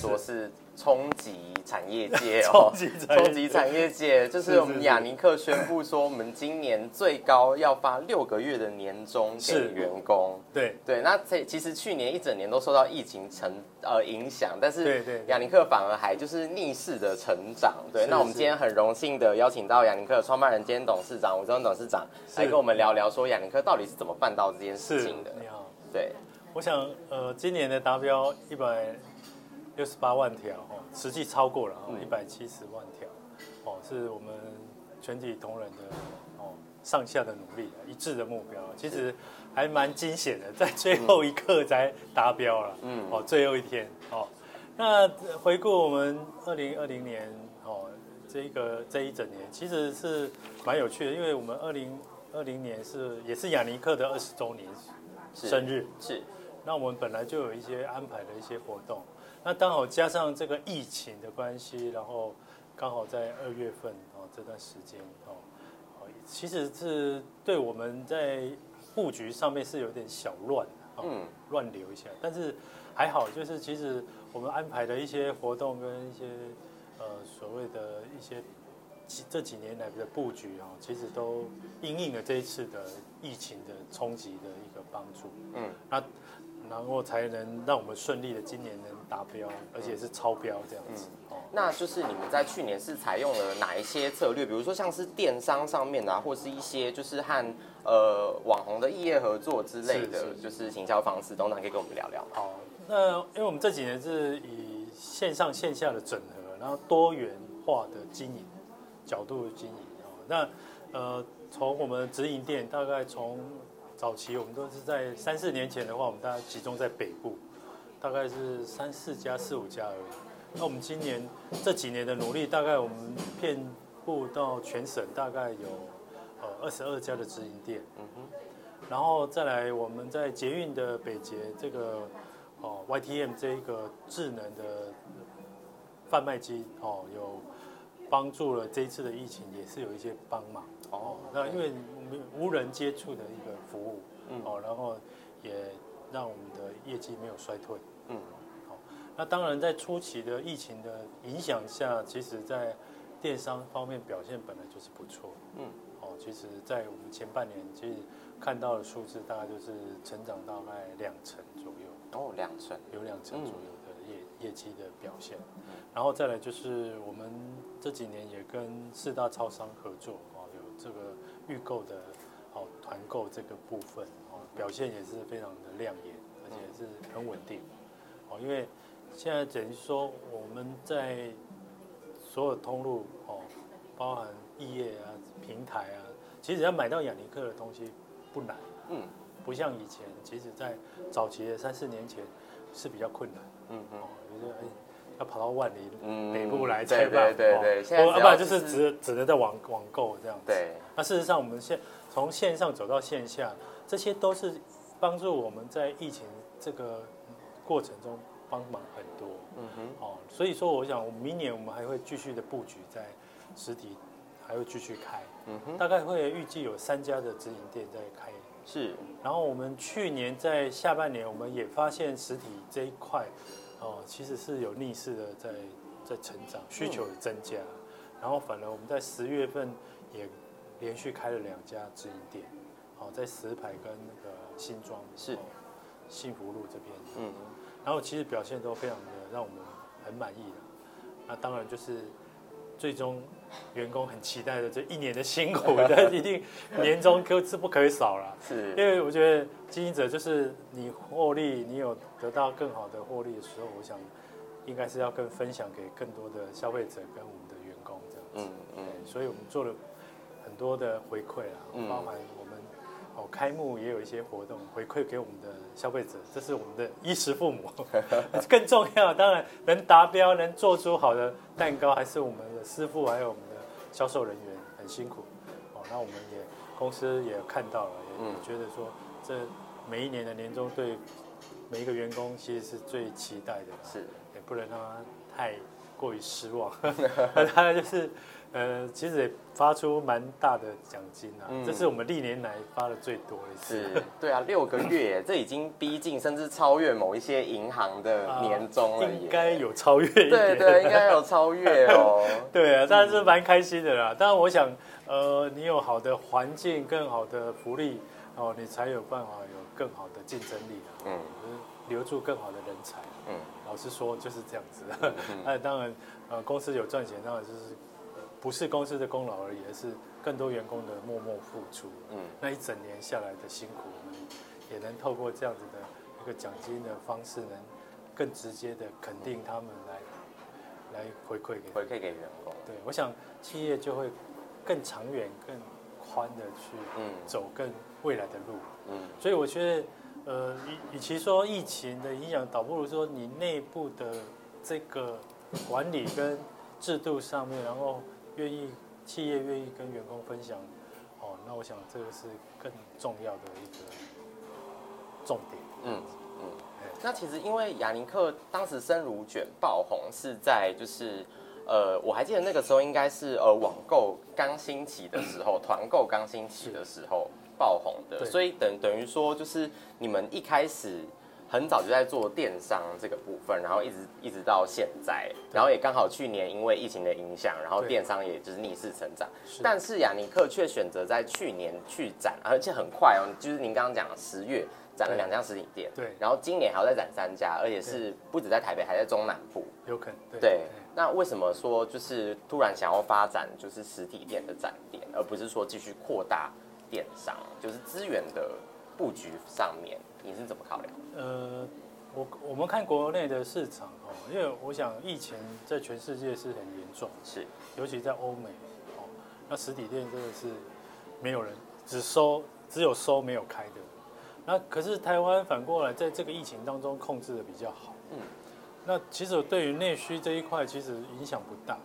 是說是衝擊產業界哦， 衝擊產業界，產業界就是我們亞尼克宣布說，我們今年最高要發六個月的年終給員工。對對，那這其實去年一整年都受到疫情成呃影響，但是亞尼克反而還就是逆勢的成長。對，那我們今天很榮幸的邀請到亞尼克創辦人兼董事長，吳宗恩董事長是來跟我們聊聊，說亞尼克到底是怎麼辦到這件事情的。你好，對，我想呃今年的達標一百。六十八萬條哦，實際超過了哦一百七十萬條哦，是我們全體同仁的哦上下的努力，一致的目標，其實還蠻驚險的，在最後一刻才達標了。嗯哦，最後一天哦，那回顧我們二零二零年哦，這個這一整年其實是蠻有趣的，因為我們二零二零年是也是亞尼克的二十周年生日，是，是，那我們本來就有一些安排的一些活動。那剛好加上這個疫情的關係，然後剛好在二月份哦、啊、這段時間哦，其實是對我們在布局上面是有點小亂啊，亂流一下。但是還好，就是其實我們安排的一些活動跟一些呃所謂的一些這幾年來的布局啊，其實都因應了這一次的疫情的衝擊的一個幫助。嗯，那。然後才能讓我們順利的今年能達標，嗯、而且是超標這樣子。哦、嗯，那就是你們在去年是採用了哪一些策略？比如說像是電商上面啊，或是一些就是和呃網紅的異業合作之類的，是是就是行銷方式等等，可以跟我們聊聊？哦，那因為我們這幾年是以線上線下的整合，然後多元化的經營角度的經營，哦。那呃，從我們直營店大概從嗯早期我們都是在三四年前的話，我們大概集中在北部，大概是三四家、四五家而已。那我們今年這幾年的努力，大概我們遍布到全省，大概有呃二十二家的直營店。嗯哼。然後再來，我們在捷運的北捷這個哦 YTM 這一個智能的販賣機哦，有幫助了這一次的疫情，也是有一些幫忙。哦，那因為。無人接觸的一個服務，嗯、哦，然後也讓我們的業績沒有衰退，嗯，好、哦。那當然，在初期的疫情的影響下，其實在電商方面表現本來就是不錯，嗯、哦，其實在我們前半年其實看到的數字大概就是成長大概兩成左右，哦，兩成，有兩成左右的業、嗯、業績的表現。嗯、然後再來就是我們這幾年也跟四大超商合作，哦、有這個。預購的哦，團購這個部分哦，表現也是非常的亮眼，嗯、而且是很穩定、嗯、哦。因為現在等於說我們在所有通路哦，包含業啊、平台啊，其實要買到亞尼克的東西不難，嗯，不像以前，其實在早期的三四年前是比較困難，嗯嗯，要跑到萬里北部來採辦，我、嗯哦、現在不就是只只能在網網購這樣子。對那事實上，我們線從線上走到線下，這些都是幫助我們在疫情這個過程中幫忙很多。嗯哼，哦，所以說，我想，明年我們還會繼續的佈局在實體，還會繼續開。嗯哼，大概會預計有三家的直營店在開。是，然後我們去年在下半年，我們也發現實體這一塊。哦，其實是有逆勢的在在成長，需求的增加，嗯、然後反而我們在十月份也連續開了兩家直營店，哦，在石牌跟那個新莊是、嗯哦、幸福路這邊，嗯、然後其實表現都非常的讓我們很滿意了，那當然就是最終。員工很期待的，這一年的辛苦的，的 一定年終就是不可以少了。是，因為我覺得經營者就是你獲利，你有得到更好的獲利的時候，我想應該是要更分享給更多的消費者跟我們的員工這樣子。嗯嗯、對，所以我們做了很多的回饋啊，包含、嗯。開幕也有一些活動回饋給我們的消費者，這是我們的衣食父母，更重要。當然，能達標、能做出好的蛋糕，還是我們的師傅還有我們的銷售人員很辛苦。哦，那我們也公司也看到了，也覺得說這每一年的年終對每一個員工其實是最期待的，是也不能讓他太過於失望。那當然就是。呃，其實也發出蠻大的獎金啊，嗯、這是我們歷年來發的最多的一次，啊。是，對啊，六個月， 這已經逼近甚至超越某一些銀行的年終了，啊，應該有超越一點，對對，應該有超越哦。 對啊，當然是蠻開心的啦。當然，嗯，我想，呃，你有好的環境，更好的福利，哦、呃，你才有辦法有更好的競爭力，啊、嗯，留住更好的人才。嗯，老實說就是這樣子。而，嗯 哎，當然，呃，公司有賺錢，當然就是。不是公司的功勞而已，而是更多員工的默默付出。嗯，那一整年下來的辛苦，我們也能透過這樣子的一個獎金的方式，能更直接的肯定他們來，嗯，來回饋給回饋給員工。對，我想企業就會更長遠、更寬的去走更未來的路。嗯，所以我覺得，呃，與其說疫情的影響，倒不如說你內部的這個管理跟制度上面，然後。願意，企業願意跟員工分享，哦，那我想這個是更重要的一個重點嗯。嗯嗯，那其實因為亞尼克當時生乳捲爆紅是在就是，呃，我還記得那個時候應該是呃網購剛興起的時候，團購剛興起的時候爆紅的，所以等等於說就是你們一開始。很早就在做電商這個部分，然後一直一直到現在，對然後也剛好去年因為疫情的影響，然後電商也就是逆勢成長。對但是亞尼克卻選擇在去年去展是、啊，而且很快哦，就是您剛剛講十月展了兩家實體店。對。然後今年還要再展三家，而且是不只在台北，對還在中南部。有可能。對。對對，那為什麼說就是突然想要發展就是實體店的展店，而不是說繼續擴大電商，就是資源的？布局上面你是怎麼考量？呃，我我們看國內的市場哦，因為我想疫情在全世界是很嚴重，是，尤其在歐美，哦，那實體店真的是沒有人只收，只有收沒有開的。那可是台灣反過來在這個疫情當中控制得比較好，嗯，那其實對於內需這一塊其實影響不大，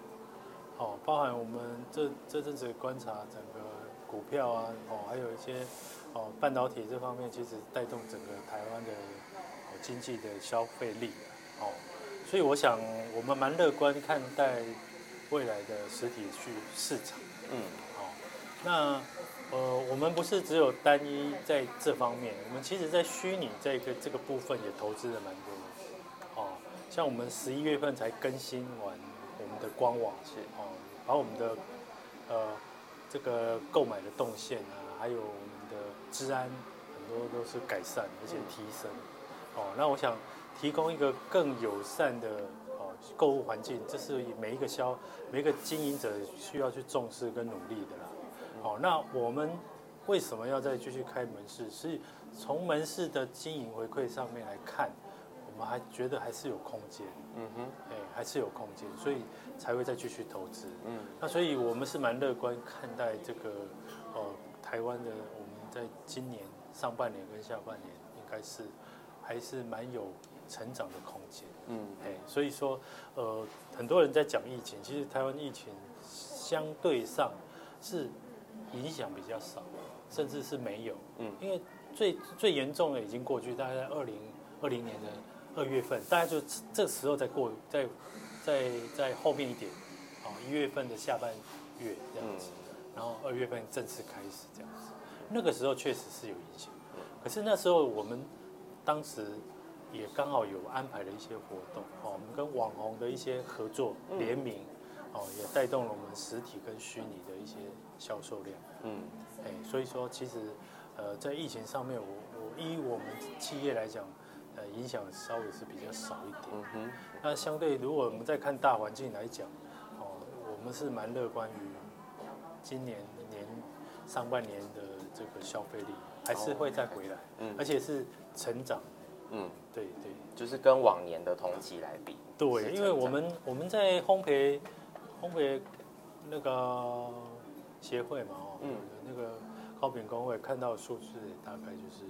哦，包含我們這這陣子觀察整個股票啊，哦，還有一些。哦，半導體這方面其實帶動整個台灣的、哦、經濟的消費力，哦，所以我想我們蠻樂觀看待未來的實體去市場，嗯，好、哦，那呃，我們不是只有單一在這方面，我們其實在虛擬這個這個部分也投資了蠻多的，哦，像我們十一月份才更新完我們的官網，是哦，把我們的呃這個購買的動線啊，還有。治安很多都是改善，而且提升。Mm hmm. 哦，那我想提供一個更友善的哦購物環境，這是每一個銷、每一個經營者需要去重視跟努力的啦。Mm hmm. 哦，那我們為什麼要再繼續開門市？是從門市的經營回饋上面來看，我們還覺得還是有空間。嗯哼、mm，哎、hmm. 欸，還是有空間，所以才會再繼續投資。嗯、mm，hmm. 那所以我們是蠻樂觀看待這個哦台灣的。在今年上半年跟下半年，應該是還是蠻有成長的空間。嗯，哎，所以說，呃，很多人在講疫情，其實台灣疫情相對上是影響比較少，甚至是沒有。嗯，因為最最嚴重的已經過去，大概在二零二零年的二月份，嗯，大概就這時候再過，在在在後面一點，哦，啊，一月份的下半月這樣子，嗯，然後二月份正式開始這樣子。那個時候確實是有影響，可是，那時候我們當時也剛好有安排了一些活動哦，我們跟網紅的一些合作聯名哦，也帶動了我們實體跟虛擬的一些銷售量。嗯，哎，所以說其實呃在疫情上面，我我依我們企業來講，呃影響稍微是比較少一點。嗯哼，那相對如果我們在看大環境來講，哦，我們是蠻樂觀於今年年上半年的。這個消費力還是會再回來，oh, okay. 嗯，而且是成長，嗯，對對，對就是跟往年的同期來比，對，因為我們我們在烘焙烘焙那個協會嘛，嗯，那個糕餅工會看到數字，大概就是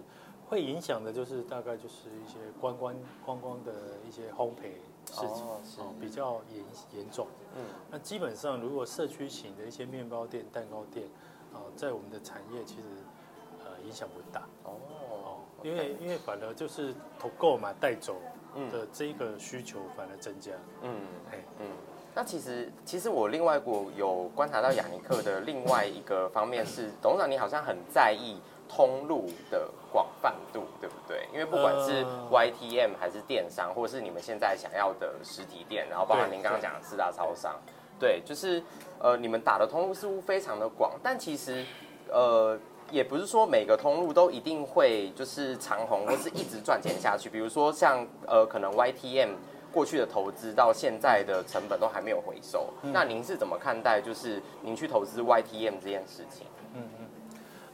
會影響的，就是大概就是一些觀光觀光的一些烘焙事情，哦，oh, 比較嚴嚴重，嗯，那基本上如果社區型的一些麵包店、蛋糕店。在我們的產業其實，呃、影響不大哦，哦哦因為 okay. 因為反正就是團購嘛，帶走的這一個需求反而增加。嗯，哎、嗯，嗯，那其實其實我另外我有觀察到亞尼克的另外一個方面是，嗯、董事長你好像很在意通路的廣泛度，對不對？因為不管是 Y T M 還是電商，呃、或者是你們現在想要的實體店，然後包括您剛剛講的四大超商。對，就是，呃，你們打的通路似乎非常的廣，但其實，呃，也不是說每個通路都一定會就是長紅或是一直賺錢下去。比如說像呃，可能 YTM 過去的投資到現在的成本都還沒有回收，嗯、那您是怎麼看待？就是您去投資 YTM 這件事情？嗯嗯，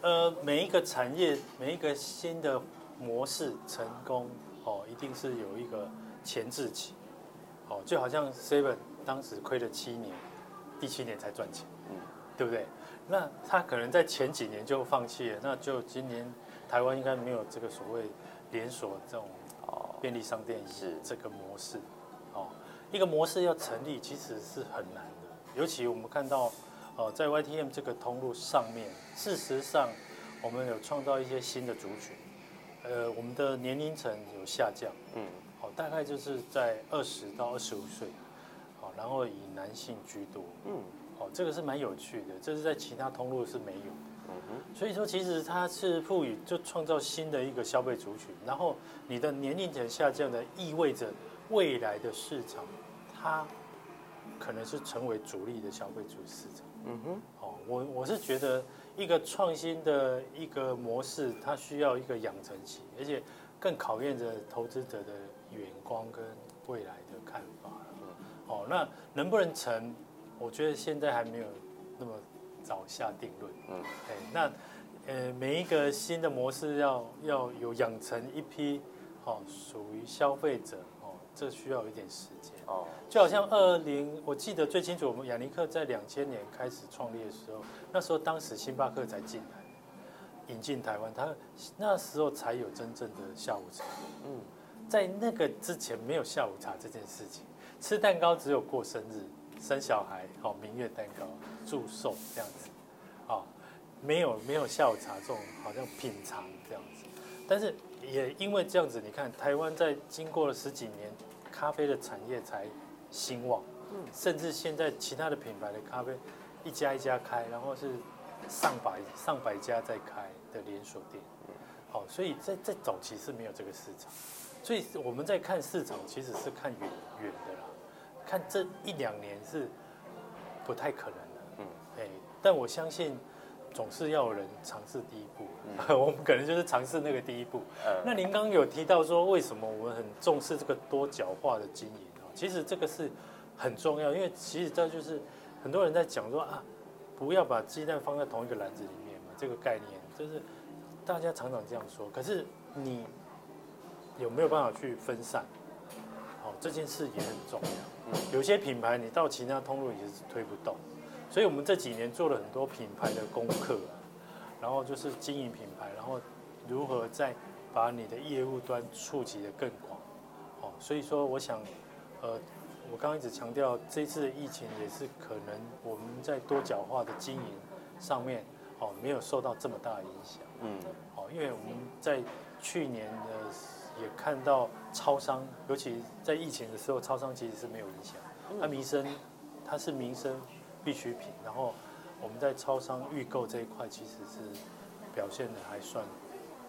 呃，每一個產業每一個新的模式成功、哦、一定是有一個前置期，哦，就好像 Seven。當時虧了七年，第七年才賺錢，嗯，對不對？那他可能在前幾年就放棄了，那就今年台灣應該沒有這個所謂連鎖這種便利商店是這個模式，哦，哦，一個模式要成立其實是很難的，尤其我們看到哦，在 YTM 這個通路上面，事實上我們有創造一些新的族群，呃，我們的年齡層有下降，嗯，哦，大概就是在二十到二十五歲。嗯然後以男性居多，嗯，哦，這個是蠻有趣的，這是在其他通路是沒有，嗯哼，所以說其實它是賦予就創造新的一個消費族群，然後你的年齡層下降的，意味着未來的市場，它可能是成為主力的消費主市場，嗯哼，哦，我我是覺得一個創新的一個模式，它需要一個養成期，而且更考驗着投資者的眼光跟未來的。哦，那能不能成？我覺得現在還沒有那麼早下定論。嗯，哎、那呃，每一個新的模式要要有養成一批，哦，屬於消費者哦，這需要一點時間。哦，就好像二零，我記得最清楚，我們亞尼克在兩千年開始創立的時候，那時候當時星巴克才進來引進台灣，他那時候才有真正的下午茶。嗯，在那個之前沒有下午茶這件事情。吃蛋糕只有過生日、生小孩，好、哦，明月蛋糕、祝壽這樣子，哦、沒有沒有下午茶這種好像品嘗這樣子。但是也因為這樣子，你看台灣在經過了十幾年，咖啡的產業才興旺。嗯。甚至現在其他的品牌的咖啡，一家一家開，然後是上百上百家在開的連鎖店。好、哦，所以在在早期是沒有這個市場，所以我們在看市場其實是看遠遠的啦。看這一兩年是不太可能的，嗯，哎，但我相信總是要有人嘗試第一步，我們可能就是嘗試那個第一步。那您剛剛有提到說，為什麼我們很重視這個多角化的經營？其實這個是很重要，因為其實這就是很多人在講說啊，不要把雞蛋放在同一個籃子裡面嘛，這個概念就是大家常常這樣說。可是你有沒有辦法去分散、哦？這件事也很重要。有些品牌你到其他通路也是推不動，所以我們這幾年做了很多品牌的功課，然後就是經營品牌，然後如何再把你的業務端觸及得更廣，哦，所以說我想，呃，我剛剛一直強調這次的疫情也是可能我們在多角化的經營上面，哦，沒有受到這麼大的影響，嗯，哦，因為我們在去年的。也看到超商，尤其在疫情的時候，超商其實是沒有影響。那、啊、民生，它是民生必需品。然後我們在超商預購這一塊，其實是表現的還算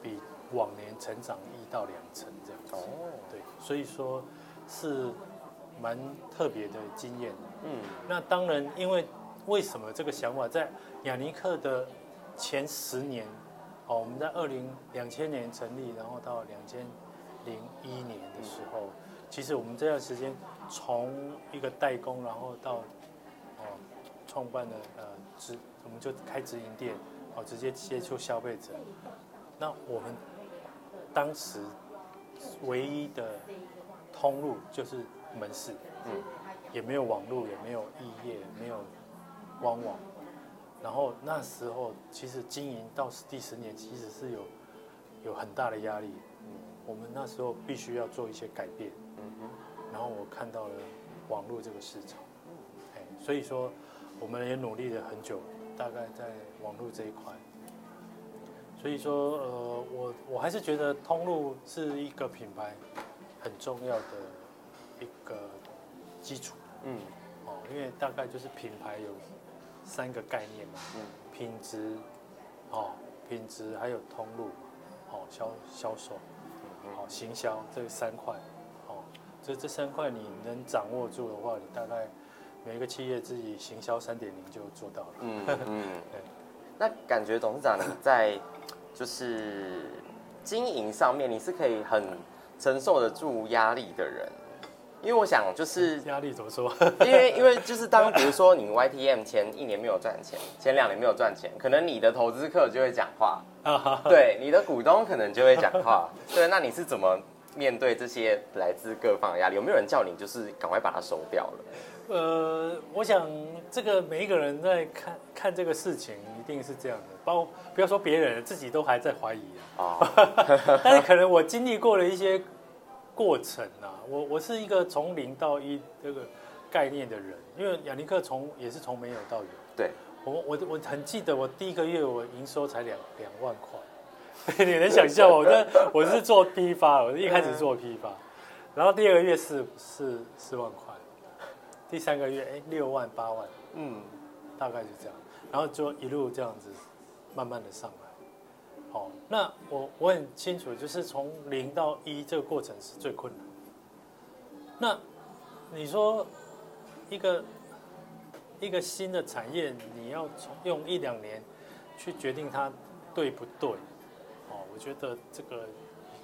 比往年成長一到兩成這樣哦，對，所以說是蠻特別的經驗。嗯，那當然，因為為什麼這個想法在亞尼克的前十年，哦，我們在二零兩千年成立，然後到兩千。零一年的時候，其實我們這段時間從一個代工，然後到哦創、啊、辦的呃直，我們就開直營店，哦、啊、直接接觸消費者。那我們當時唯一的通路就是門市，嗯，也沒有網絡，也沒有異業，沒有官網。然後那時候其實經營到第十年，其實是有有很大的壓力。我們那時候必須要做一些改變，嗯哼，然後我看到了網絡這個市場，哎，所以說我們也努力了很久，大概在網絡這一塊，所以說呃，我我還是覺得通路是一個品牌很重要的一個基礎，嗯，哦，因為大概就是品牌有三個概念嘛，嗯，品質，哦，品質還有通路，哦，銷銷售。好，行銷這個、三塊，好，這這三塊你能掌握住的話，你大概每一個企業自己行銷三點零就做到了。嗯，嗯 對那感覺董事長你在就是經營上面，你是可以很承受得住壓力的人。因為我想，就是壓力怎麼說？因為因為就是當，比如說你 YTM 前一年沒有賺錢，前兩年沒有賺錢，可能你的投資客就會講話，對，你的股東可能就會講話，對，那你是怎麼面對這些來自各方的壓力？有沒有人叫你就是趕快把它收掉了？呃，我想這個每一個人在看看這個事情，一定是這樣的，包括不要說別人，自己都還在懷疑啊。 但是可能我經歷過了一些。過程啊，我我是一個從零到一這個概念的人，因為亞尼克從也是從沒有到有。對我我我很記得我第一個月我營收才兩兩萬塊， 你能想象嗎？我這， 我是做批發，我一開始做批發，嗯、然後第二個月是是四,四萬塊，第三個月哎、欸、六萬八萬，嗯，大概是這樣，然後就一路這樣子慢慢的上。好，oh, 那我我很清楚，就是從零到一這個過程是最困難。那你說一個一個新的產業，你要從用一兩年去決定它對不對？哦，oh，我覺得這個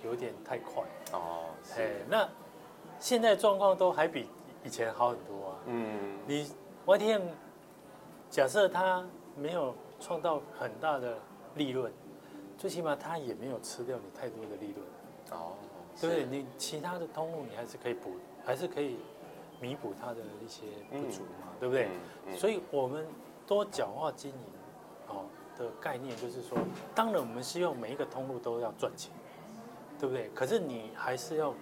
有點太快。哦，oh，嘿，hey, 那現在狀況都還比以前好很多啊。嗯，你 YTM 假設它沒有創造很大的利潤。最起碼他也沒有吃掉你太多的利潤，oh,，哦是，對你其他的通路你還是可以補，還是可以彌補它的一些不足嘛，嗯、對不對？嗯嗯、所以我們多角化經營哦的概念就是說，當然我們希望每一個通路都要賺錢，對不對？可是你還是要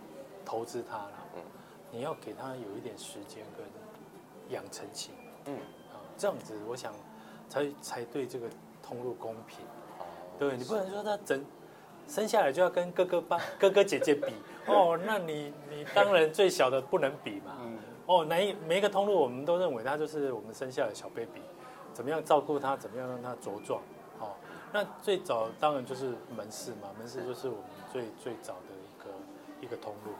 投資它啦，嗯、你要給它有一點時間跟養成性，嗯、呃，這樣子我想才才對這個通路公平。對你不能說他整生下來就要跟哥哥、爸 哥哥、姐姐比哦，那你你當然最小的不能比嘛。哦，每一每一個通路，我們都認為他就是我們生下的小 baby，怎麼樣照顧他，怎麼樣讓他茁壯。哦，那最早當然就是門市嘛，門市就是我們最最早的一個一個通路。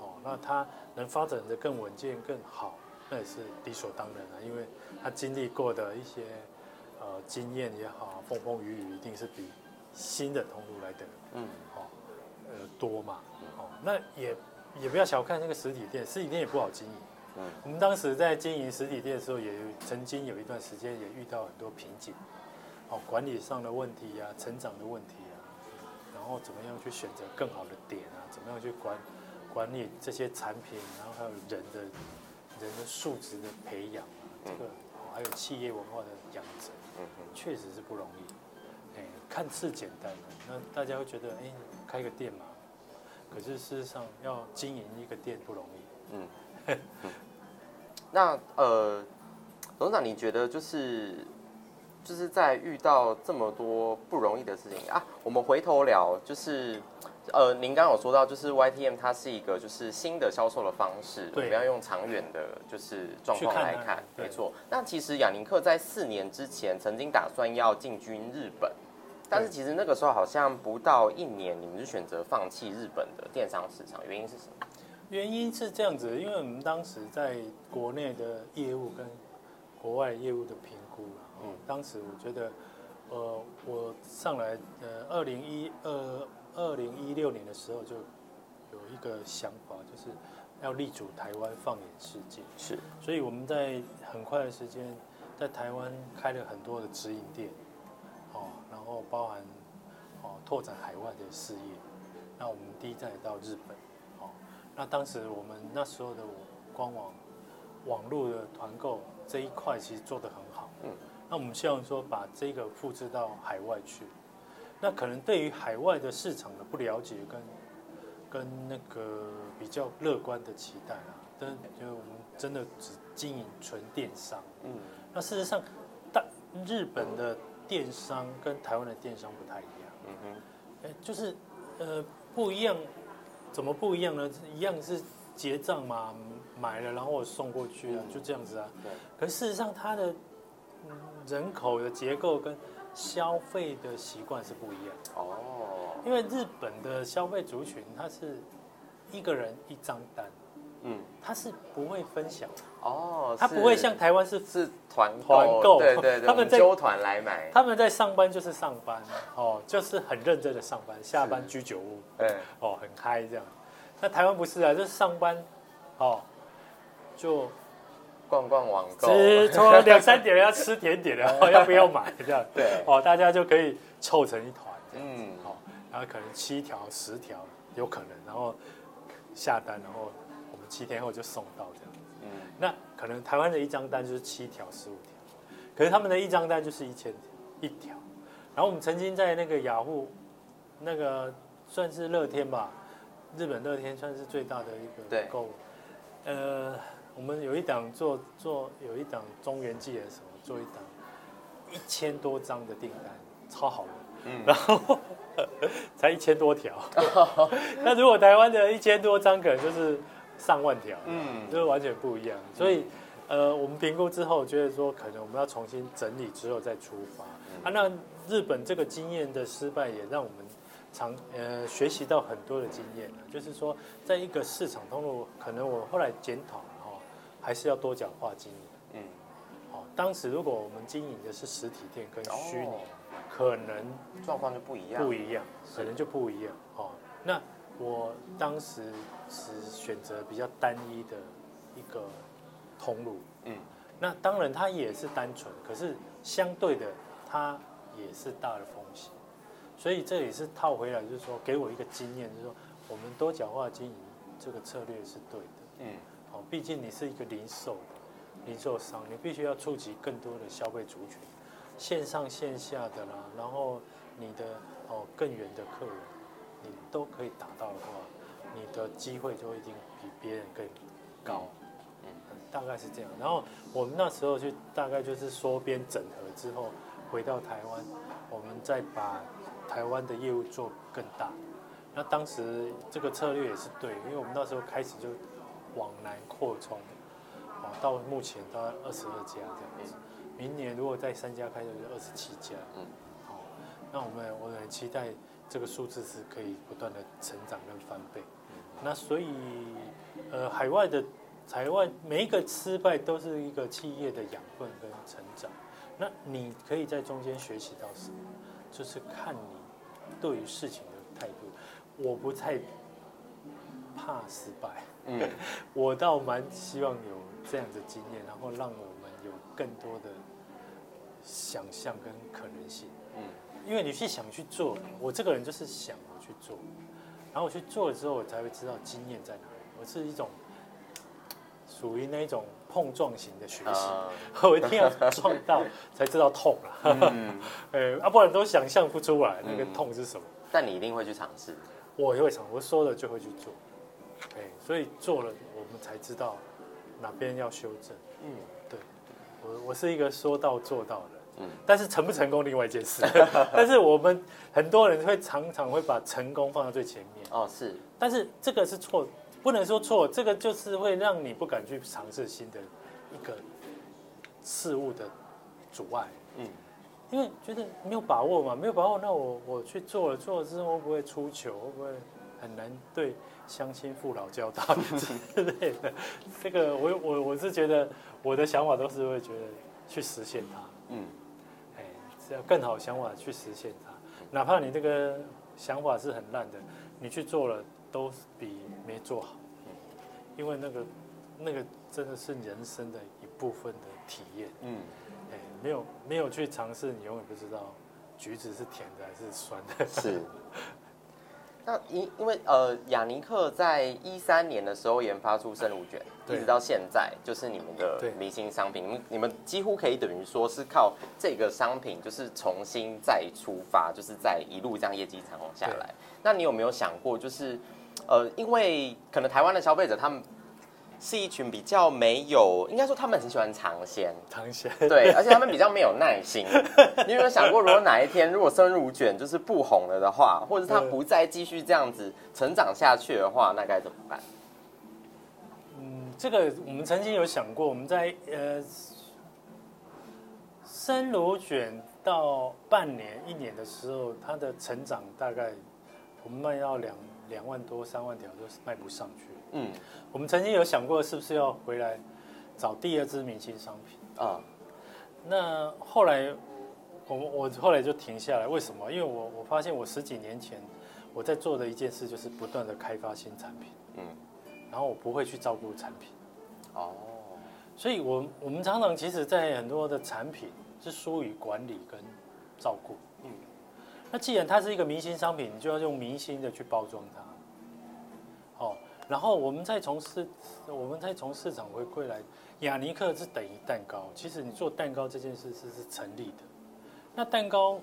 哦，那他能發展的更穩健、更好，那也是理所當然啊，因為他經歷過的一些呃經驗也好，風風雨雨一定是比新的通路來得，嗯，哦，呃，多嘛，嗯、哦，那也也不要小看那個實體店，實體店也不好經營，嗯、我們當時在經營實體店的時候，也曾經有一段時間也遇到很多瓶頸，哦，管理上的問題啊，成長的問題啊，然後怎麼樣去選擇更好的點啊，怎麼樣去管管理這些產品，然後還有人的人的素質的培養、啊，這個、嗯哦、還有企業文化的養成，嗯哼、確實是不容易。看似簡單的，那大家會覺得哎，開個店嘛。可是事實上，要經營一個店不容易。嗯， 嗯。那呃，董事長，你覺得就是就是在遇到這麼多不容易的事情啊？我們回頭聊。就是呃，您剛剛有說到，就是 YTM 它是一個就是新的銷售的方式。對。我們要用長遠的，就是狀況來看。看啊、沒錯。那其實亞尼克在四年之前曾經打算要進軍日本。但是其實那個時候好像不到一年，你們就選擇放棄日本的電商市場，原因是什麼？原因是這樣子，因為我們當時在國內的業務跟國外業務的評估，嗯、哦，當時我覺得，呃，我上來，呃，二零一二、二零一六年的時候就有一個想法，就是要立足台灣，放眼世界，是，所以我們在很快的時間在台灣開了很多的直營店。哦，然後包含哦，拓展海外的事業。那我們第一站到日本，哦，那當時我們那時候的官網網絡的團購這一塊其實做得很好。嗯。那我們希望說把這個複製到海外去。那可能對於海外的市場的不了解跟，跟跟那個比較樂觀的期待啊，但就我們真的只經營純電商。嗯。那事實上，但日本的、嗯。電商跟台灣的電商不太一樣，嗯哼哎，就是、呃，不一樣，怎麼不一樣呢？一樣是結賬嘛，買了然後我送過去啊，嗯，就這樣子啊。對。可事實上，它的人口的結構跟消費的習慣是不一樣的。哦。因為日本的消費族群，他是一個人一張單，嗯，他是不會分享的。哦，他不會像台灣是是團團購，對對對，他們揪團來買。他們在上班就是上班哦，就是很認真的上班，下班居酒屋。對，哦，很嗨這樣。那台灣不是啊，就是上班哦，就逛逛網購，從兩三點要吃甜點，然後要不要買這樣？對，哦，大家就可以湊成一團，嗯，哦，然後可能七條十條有可能，然後下單，然後我們七天後就送到。那可能台灣的一張單就是七條、十五條，可是他們的一張單就是一千條，一條。然後我們曾經在那個雅虎、ah、那個算是樂天吧，日本樂天算是最大的一個購物。呃，我們有一檔做做，有一檔中原紀的時候做一檔一千多張的訂單，超好的，然後、嗯、 才一千多條。那如果台灣的一千多張可能就是。上萬條，嗯，就是完全不一樣。嗯、所以，呃，我們評估之後就是說，可能我們要重新整理之後再出發。嗯、啊，那日本這個經驗的失敗也讓我們長呃學習到很多的經驗，嗯、就是說，在一個市場通路，可能我後來檢討、哦、還是要多角化經營。嗯、哦，當時如果我們經營的是實體店跟虛擬，哦、可能狀況、嗯、就不一樣，不一樣，是可能就不一樣。哦，那。我當時是選擇比較單一的一個通路，嗯，那當然它也是單純，可是相對的它也是大的風險，所以這也是套回來就是說給我一個經驗，就是說我們多角化經營這個策略是對的，嗯，好，畢竟你是一個零售的零售商，你必須要觸及更多的消費族群，線上線下的啦，然後你的哦更遠的客人。你都可以達到的話，你的機會就已經比別人更高，大概是這樣。然後我們那時候就大概就是縮編整合之後回到台灣，我們再把台灣的業務做更大。那當時這個策略也是對，因為我們那時候開始就往南擴充，到目前大概二十二家這樣子。明年如果再三家開，就二十七家，好，那我們我很期待。這個數字是可以不斷的成長跟翻倍。嗯，那所以，呃，海外的海外每一個失敗都是一個企業的養分跟成長。那你可以在中間學習到什麼？就是看你對於事情的態度。我不太怕失敗，嗯， 我倒蠻希望有這樣的經驗，然後讓我們有更多的想象跟可能性，嗯。因為你是想去做，我這個人就是想我去做，然後我去做了之後，我才會知道經驗在哪裡。我是一種屬於那一種碰撞型的學習，呃、我一定要撞到才知道痛了。呃、嗯哎，啊，不然都想象不出來那個痛是什麼，嗯。但你一定會去嘗試。我會嘗，我說了就會去做。哎，所以做了我們才知道哪邊要修正。嗯，對，我我是一個說到做到的。嗯、但是成不成功另外一件事，嗯，但是我們很多人會常常會把成功放在最前面哦，是，但是這個是錯，不能說錯，這個就是會讓你不敢去嘗試新的一個事物的阻礙，嗯，因為覺得沒有把握嘛，沒有把握，那我我去做了，做了之後會不會出糗，會不會很難對鄉親父老交代呵之類的？這個我我我是覺得我的想法都是會覺得去實現它，嗯。更好想法去實現它，哪怕你這個想法是很爛的，你去做了都比沒做好。因為那個，那個真的是人生的一部分的體驗。嗯，哎，沒有沒有去嘗試，你永遠不知道橘子是甜的還是酸的。是。那因因為呃亞尼克在一三年的時候研發出生乳捲，一直到現在就是你們的明星商品，你們你們幾乎可以等於說是靠這個商品就是重新再出發，就是在一路這樣業績長紅下來。那你有沒有想過，就是呃因為可能台灣的消費者他們？是一群比較沒有，應該說他們很喜歡嘗鮮嘗鮮對，而且他們比較沒有耐心。 你有沒有想過，如果哪一天如果生乳捲就是不紅了的話，或者他不再繼續這樣子成長下去的話，那該怎麼辦？嗯，這個我們曾經有想過，我們在呃生乳捲到半年一年的時候，它的成長大概我們賣到兩兩萬多、三萬條都賣不上去。嗯，我們曾經有想過是不是要回來找第二支明星商品啊？那後來我我後來就停下來，為什麼？因為我我發現我十幾年前我在做的一件事就是不斷的開發新產品，嗯，然後我不會去照顧產品，哦，所以我我們常常其實在很多的產品是疏於管理跟照顧，嗯，那既然它是一個明星商品，你就要用明星的去包裝它。然後我們再從市，我們再從市場回饋來，亞尼克是等於蛋糕。其實你做蛋糕這件事是是成立的。那蛋糕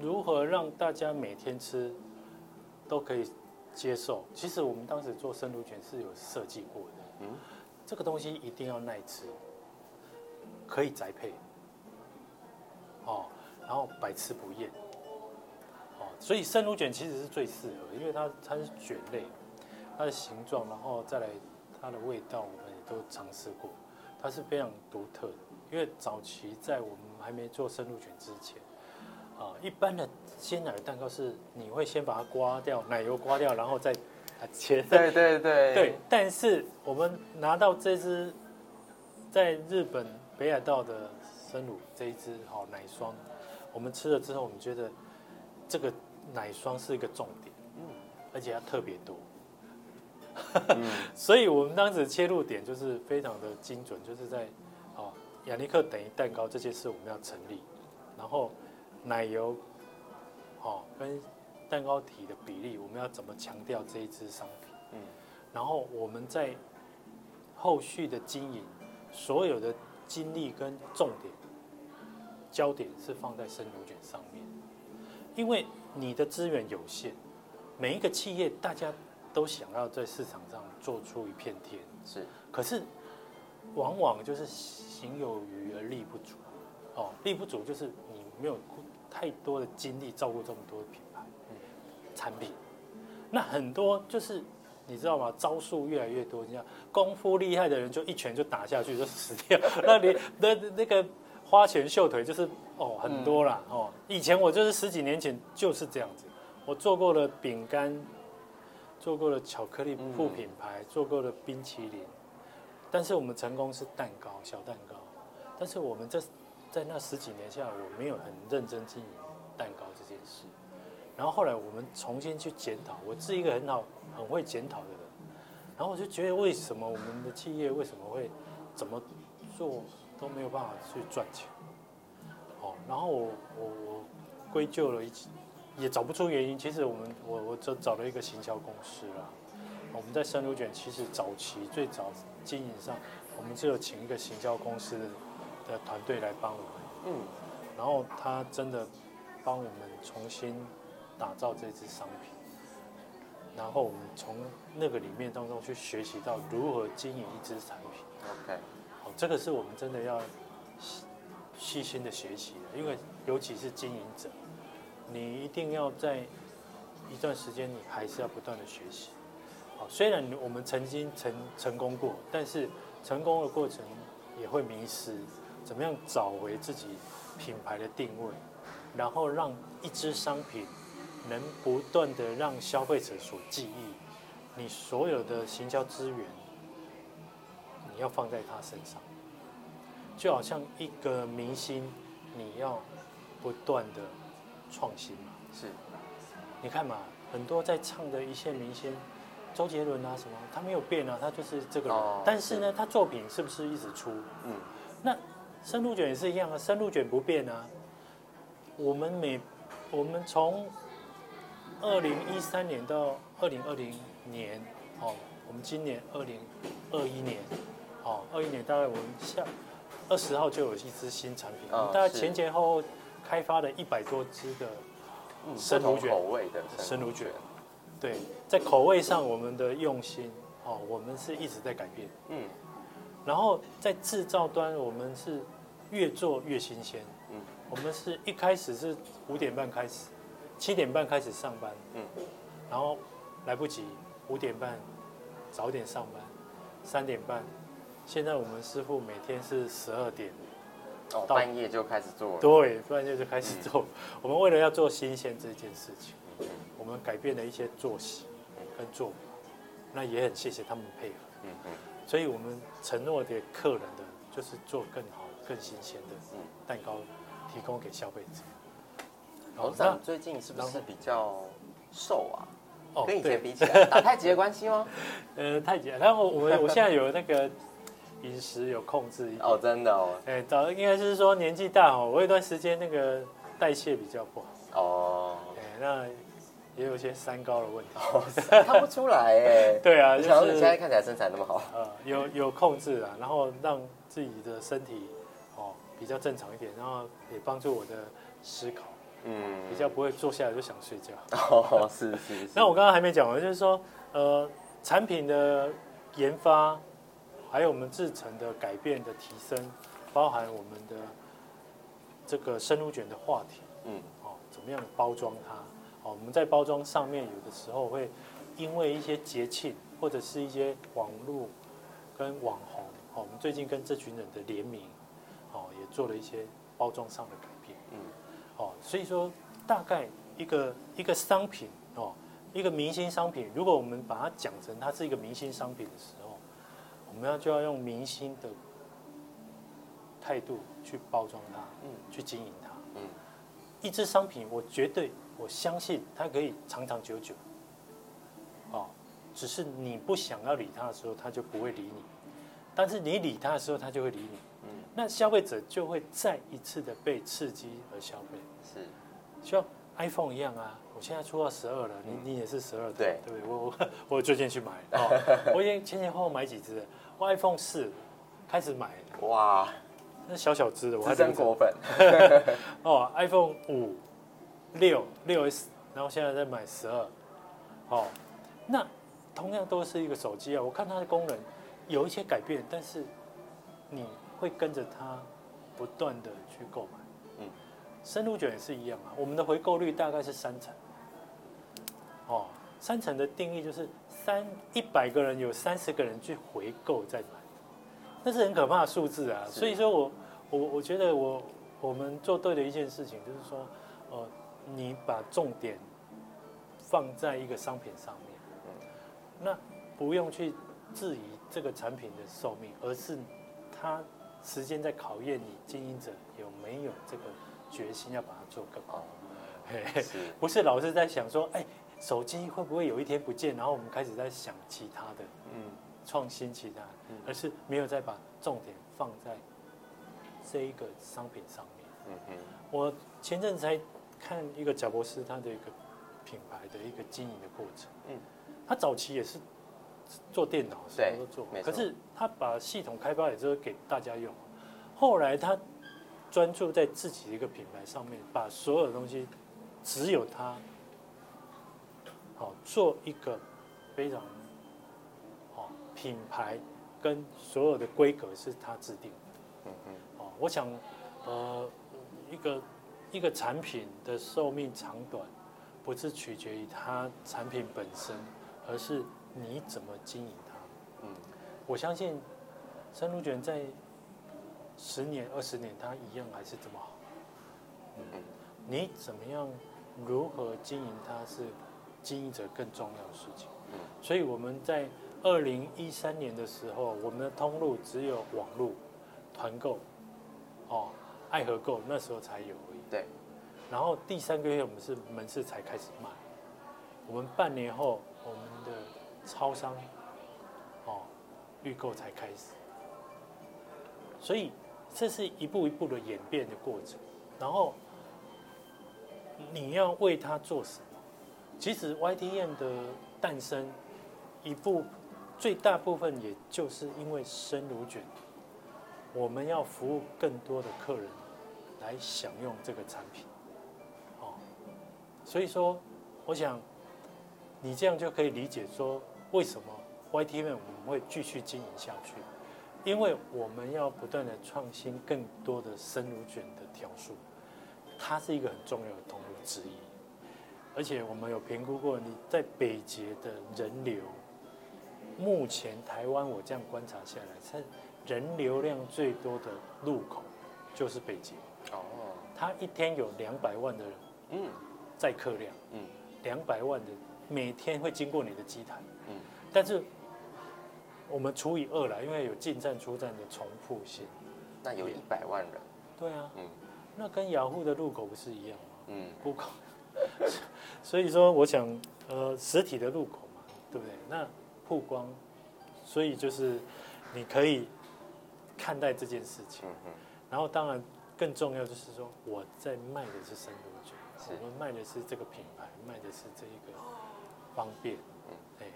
如何讓大家每天吃都可以接受？其實我們當時做生乳卷是有設計過的。嗯，這個東西一定要耐吃，可以宅配，哦，然後百吃不厭，哦，所以生乳卷其實是最適合，因為它它是卷類。它的形狀，然後再來它的味道，我們也都嘗試過，它是非常獨特的。因為早期在我們還沒做生乳捲之前，啊、呃，一般的鮮奶蛋糕是你會先把它刮掉奶油，刮掉然後再、啊、切。對對對對。但是我們拿到這隻在日本北海道的生乳這一隻好、哦、奶霜，我們吃了之後，我們覺得這個奶霜是一個重點，嗯，而且它特別多。嗯、 所以，我們當時切入點就是非常的精準，就是在，哦，亞尼克等於蛋糕這件事我們要成立，然後奶油，哦，跟蛋糕體的比例，我們要怎麼強調這一支商品？嗯，然後我們在後續的經營，所有的精力跟重點、焦點是放在生乳捲上面，因為你的資源有限，每一個企業大家。都想要在市場上做出一片天，是，可是往往就是行有餘而力不足，哦，力不足就是你沒有太多的精力照顧這麼多的品牌、嗯、產品，那很多就是你知道嗎？招數越來越多，你知道功夫厲害的人就一拳就打下去就死掉， 那你那那個花拳繡腿就是哦很多啦。哦，以前我就是十幾年前就是這樣子，我做過的餅乾。做過了巧克力副品牌，嗯，做過了冰淇淋，但是我們成功是蛋糕，小蛋糕。但是我們在在那十幾年下來，我沒有很認真經營蛋糕這件事。然後後來我們重新去檢討，我是一個很好很會檢討的人。然後我就覺得，為什麼我們的企業為什麼會怎麼做都沒有辦法去賺錢？哦，然後我我我歸咎了一起。也找不出原因。其實我們，我我就找了一個行銷公司啦。我們在生乳捲其實早期最早經營上，我們只有請一個行銷公司的團隊來幫我們。嗯。然後他真的幫我們重新打造這支商品。然後我們從那個裡面當中去學習到如何經營一支產品。OK、嗯。好，這個是我們真的要細，細心的學習的，因為尤其是經營者。你一定要在一段時間，你還是要不斷的學習。好，雖然我們曾經成成功過，但是成功的過程也會迷失。怎麼樣找回自己品牌的定位，然後讓一支商品能不斷的讓消費者所記憶？你所有的行銷資源，你要放在他身上，就好像一個明星，你要不斷的。創新嘛，是，你看嘛，很多在唱的一些明星，周杰倫啊什麼，他沒有變啊，他就是這個人。但是呢，他作品是不是一直出？那生乳捲也是一樣啊，生乳捲不變啊。我們每，我們從二零一三年到二零二零年，哦，我們今年二零二一年，哦，二一年大概我們下二十號就有一支新產品，大概前前後後。開發了一百多只的生乳卷，嗯、口味的生乳卷，生乳卷對，在口味上我們的用心、嗯、哦，我們是一直在改變，嗯，然後在制造端我們是越做越新鮮，嗯，我們是一開始是五點半開始，七點半開始上班，嗯，然後來不及五點半，早點上班，三點半，現在我們師傅每天是十二點。哦，半夜就開始做了，對，半夜就開始做。我們為了要做新鮮這件事情，我們改變了一些作息跟做法，那也很謝謝他們配合。所以我們承諾給客人的就是做更好、更新鮮的蛋糕，提供給消費者、哦。老張最近是不是比較瘦啊？哦，跟以前比起來，對，打太極的關係嗎？ 呃，太極，然後我我現在有那個。飲食有控制哦，oh, 真的哦，哎、欸，早應該是說年紀大哦，我有段時間那個代謝比較不好哦，哎、oh. 欸，那也有一些三高的問題，oh, 三看不出來哎， 對啊，就是你現在看起來身材那麼好，呃，有有控制啊，然後讓自己的身體哦、呃、比較正常一點，然後也幫助我的思考，嗯，比較不會坐下來就想睡覺，哦、oh,，是是是。 那我剛剛還沒講完，就是說呃產品的研發。還有我們製程的改變的提升，包含我們的這個生乳捲的話題，嗯，哦，怎麼樣的包裝它？哦，我們在包裝上面有的時候會因為一些節慶或者是一些網絡跟網紅，哦，我們最近跟這群人的聯名，哦，也做了一些包裝上的改變，嗯，哦，所以說大概一個一個商品，哦，一個明星商品，如果我們把它講成它是一個明星商品的時候，我們要就要用明星的態度去包裝它，嗯、去經營它，嗯、一支商品我絕對我相信它可以長長久久，哦，只是你不想要理它的時候，它就不會理你，但是你理它的時候，它就會理你，嗯、那消費者就會再一次的被刺激而消費，是，像 iPhone 一樣啊，我現在出到十二了，你、嗯、你也是十二對，對不對？我我我最近去買啊，哦、 我已經前前後後買幾支。iPhone 四開始買哇，那小小只的我還真果粉。哦、 oh,，iPhone 五、六、六 S，然後現在在買十二。哦、oh,，那同樣都是一個手機啊，我看它的功能有一些改變，但是你會跟着它不斷的去購買。嗯，生乳捲也是一樣啊，我們的回購率大概是三成。哦、oh,，三成的定義就是。但一百個人有三十個人去回購再買，那是很可怕的數字啊！是啊、所以說我我我覺得我我們做對的一件事情就是說，呃，你把重點放在一個商品上面，那不用去質疑這個產品的壽命，而是它時間在考驗你經營者有沒有這個決心要把它做更好，是啊、 不是老是在想說，哎。手機會不會有一天不見？然後我們開始在想其他的，嗯，創新其他，嗯、而是沒有再把重點放在這一個商品上面。嗯嗯，嗯我前陣才看一個賈伯斯他的一個品牌的一個經營的過程。嗯，他早期也是做電腦，什麼都做，可是他把系統開發了之後給大家用，後來他專注在自己的一個品牌上面，把所有的東西只有他。做一個非常、啊、品牌，跟所有的規格是他制定的。嗯嗯哼。哦、啊，我想，呃，一個一個產品的壽命長短，不是取決於它產品本身，而是你怎麼經營它。嗯。我相信，生乳捲在十年、二十年，它一樣還是這麼好。嗯嗯哼。你怎麼樣？如何經營它是？經營者更重要的事情，所以我們在二零一三年的時候，我們的通路只有網路、團購，哦，愛合購那時候才有而已，對。然後第三個月我們是門市才開始賣，我們半年後我們的超商，哦，預購才開始，所以這是一步一步的演變的過程。然後你要為他做什麼？其實 YTM 的誕生，一部最大部分也就是因為生乳捲，我們要服務更多的客人來享用這個產品，哦，所以說，我想你這樣就可以理解說，為什麼 YTM 我們會繼續經營下去，因為我們要不斷的創新更多的生乳捲的條數，它是一個很重要的通路之一。而且我們有評估過你在北捷的人流，目前台灣我這樣觀察下來，是人流量最多的路口就是北捷。哦，它一天有兩百萬的人，載客量，兩百萬的每天會經過你的機台，但是我們除以二來，因為有進站出站的重複性，那有一百萬人。對啊，啊、那跟雅虎的路口不是一樣嗎？嗯，不過。 所以說，我想，呃，實體的入口嘛，對不對？那曝光，所以就是你可以看待這件事情。嗯、哼然後，當然更重要就是說，我在賣的是生乳捲，是我們賣的是這個品牌，賣的是這一個方便，嗯、哎，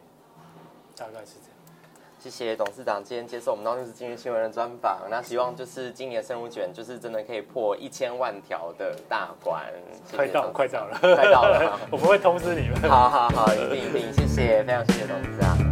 大概是這樣。謝謝董事長今天接受我們《NOWnews 今日新聞》的專訪。那希望就是今年的生乳捲就是真的可以破一千萬條的大關，快到快到了，快到了， 我們會通知你們。好好好， 一定一定， 謝謝，非常謝謝董事長。